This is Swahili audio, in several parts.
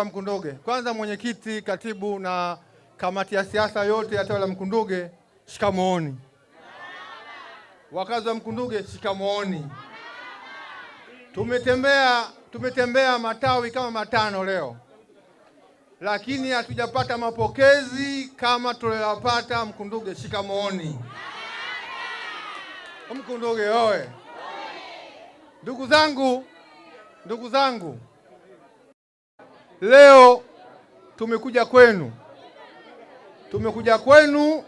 wa Mkunduge. Kwanza mwenyekiti, katibu na kamati ya siasa yote ya tawi la Mkunduge, shikamooni. Wakazi wa Mkunduge, shikamooni. Tumetembea, tumetembea matawi kama matano leo, lakini hatujapata mapokezi kama tuliyopata Mkunduge, shikamooni. Mkunduge oye! Ndugu zangu, ndugu zangu Leo tumekuja kwenu, tumekuja kwenu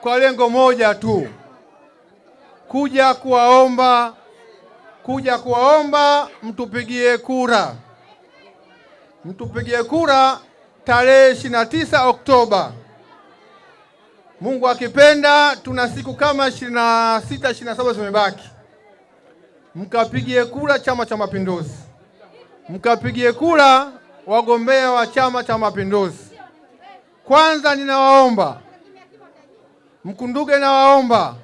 kwa lengo moja tu, kuja kuwaomba, kuja kuwaomba mtupigie kura, mtupigie kura tarehe 29 Oktoba. Mungu akipenda, tuna siku kama 26 27 zimebaki, mkapigie kura Chama cha Mapinduzi, mkapigie kura wagombea wa Chama cha Mapinduzi, kwanza ninawaomba Mkunduge, nawaomba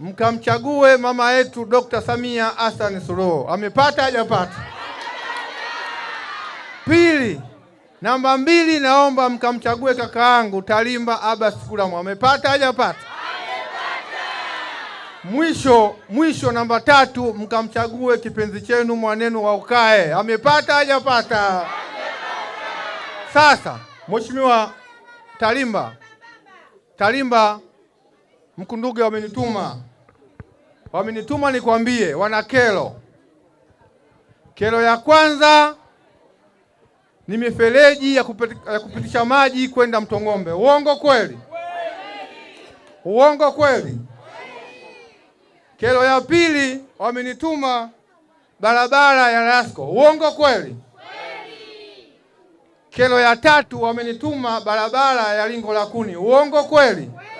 mkamchague mama yetu Dr. Samia Hassan Suluhu. Amepata hajapata? Pili, namba mbili, naomba mkamchague kaka yangu Talimba Abbas Kulamu, Amepata hajapata? Mwisho mwisho, namba tatu, mkamchague kipenzi chenu mwanenu wa ukae. Amepata hajapata? Sasa Mheshimiwa Talimba, Talimba Mkunduge wamenituma, wamenituma nikwambie, wana kero. Kero ya kwanza ni mifereji ya kupitisha maji kwenda Mtong'ombe. Uongo kweli? Uongo kweli? Kero ya pili wamenituma barabara ya Rasco. Uongo kweli? Kweli. Kero ya tatu wamenituma barabara ya Lingo la Kuni. Uongo kweli? Kweli.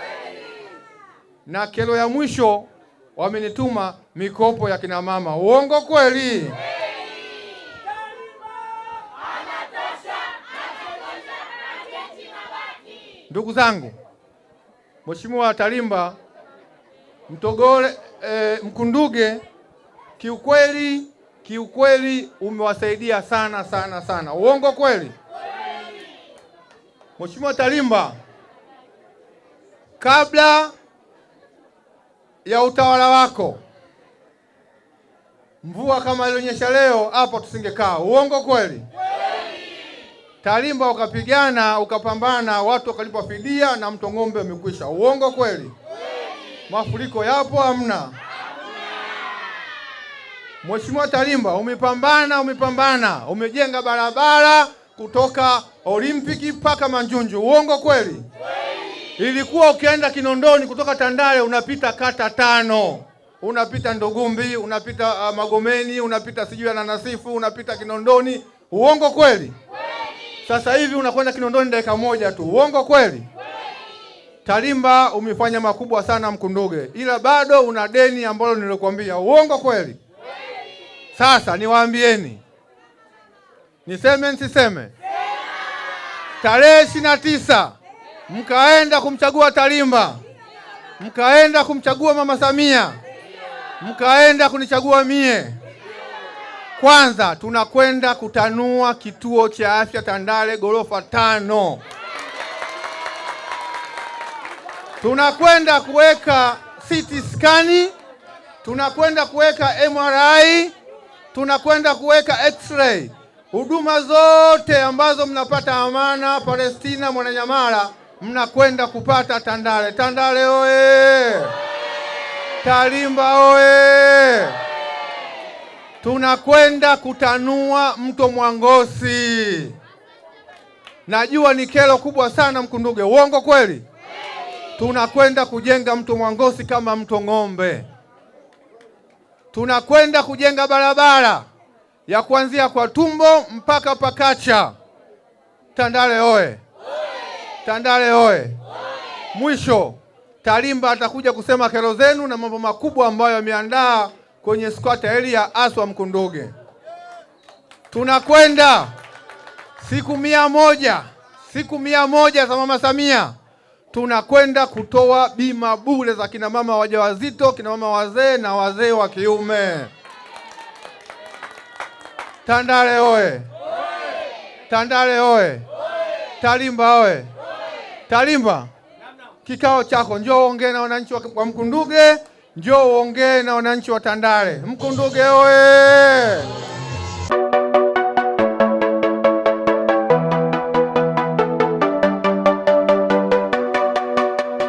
Na kero ya mwisho wamenituma mikopo ya kina mama. Uongo kweli? Kweli. Ndugu zangu, Mheshimiwa Tarimba Mtogole eh, Mkunduge kiukweli, kiukweli umewasaidia sana sana sana. Uongo kweli? Mheshimiwa Talimba, kabla ya utawala wako mvua kama ilionyesha leo hapa tusingekaa. Uongo kweli? Talimba, ukapigana ukapambana, watu wakalipa fidia na Mtong'ombe umekwisha. Uongo kweli? Mafuriko yapo hamna? Mheshimiwa Talimba, umepambana umepambana, umejenga barabara kutoka Olimpiki mpaka Manjunju, uongo kweli? Ilikuwa ukienda Kinondoni kutoka Tandale unapita kata tano, unapita Ndugumbi, unapita uh, Magomeni, unapita sijui nanasifu unapita Kinondoni, uongo kweli? Sasa hivi unakwenda Kinondoni dakika moja tu, uongo kweli? Talimba umefanya makubwa sana Mkunduge, ila bado una deni ambalo nilikwambia. Uongo kweli? Sasa niwaambieni, niseme nsiseme Tarehe ishirini na tisa mkaenda kumchagua Talimba, mkaenda kumchagua mama Samia, mkaenda kunichagua mie. Kwanza tunakwenda kutanua kituo cha afya Tandale ghorofa tano. Tunakwenda kuweka CT scan, tunakwenda kuweka MRI, tunakwenda kuweka x-ray. Huduma zote ambazo mnapata Amana, Palestina, Mwananyamala mnakwenda kupata Tandale. Tandale oye! Talimba oye! Tunakwenda kutanua mto Mwangosi. Najua ni kero kubwa sana Mkunduge, uongo kweli? Tunakwenda kujenga mto Mwangosi kama mto Ng'ombe. Tunakwenda kujenga barabara ya kuanzia kwa Tumbo mpaka Pakacha. Tandale oye! Tandale oye! Mwisho, Talimba atakuja kusema kero zenu na mambo makubwa ambayo yameandaa kwenye squatter area Aswa Mkunduge. Tunakwenda siku mia moja siku mia moja za Mama Samia tunakwenda kutoa bima bure za kina mama wajawazito, kina mama wazee na wazee wa kiume. Tandale oe! Tandale oe! Talimba oe! Talimba, kikao chako, njoo uongee na wananchi wa Mkunduge, njoo uongee na wananchi wa Tandale. Mkunduge oe!